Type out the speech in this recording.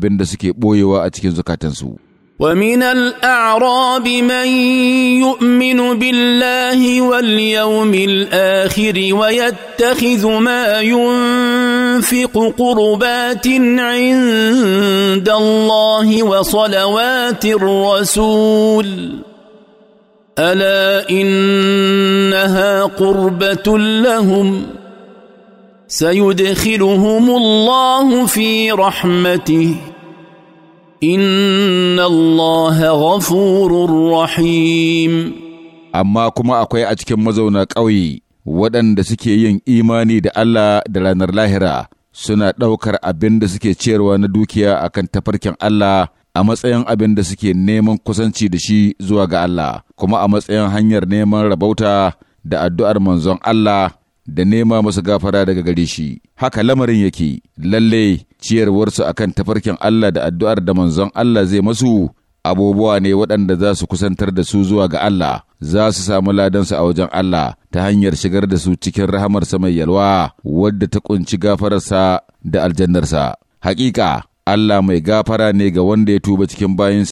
abin suke ɓoyewa a cikin zukatansu. ومن الأعراب من يؤمن بالله واليوم الآخر ويتخذ ما ينفق قربات عند الله وصلوات الرسول ألا إنها قربة لهم سيدخلهم الله في رحمته inna Allah ghafurur rahim amma kuma akwai a cikin mazauna ƙauye waɗanda suke yin imani da Allah da ranar lahira suna ɗaukar abin da suke ciyarwa na dukiya akan tafarkin Allah a matsayin abin da suke neman kusanci da shi zuwa ga Allah kuma a matsayin hanyar neman rabauta da addu'ar manzon Allah da nema masu gafara daga gare shi haka lamarin yake lallai! ciyarwarsu kan tafarkin Allah da addu'ar da manzon Allah zai masu abubuwa ne waɗanda za su kusantar da su zuwa ga Allah, za su samu ladansu a wajen Allah ta hanyar shigar da su cikin rahamarsa mai yalwa wadda ta ƙunci gafararsa da aljannarsa. Hakika, Allah mai gafara ne ga wanda ya tuba cikin bayansa.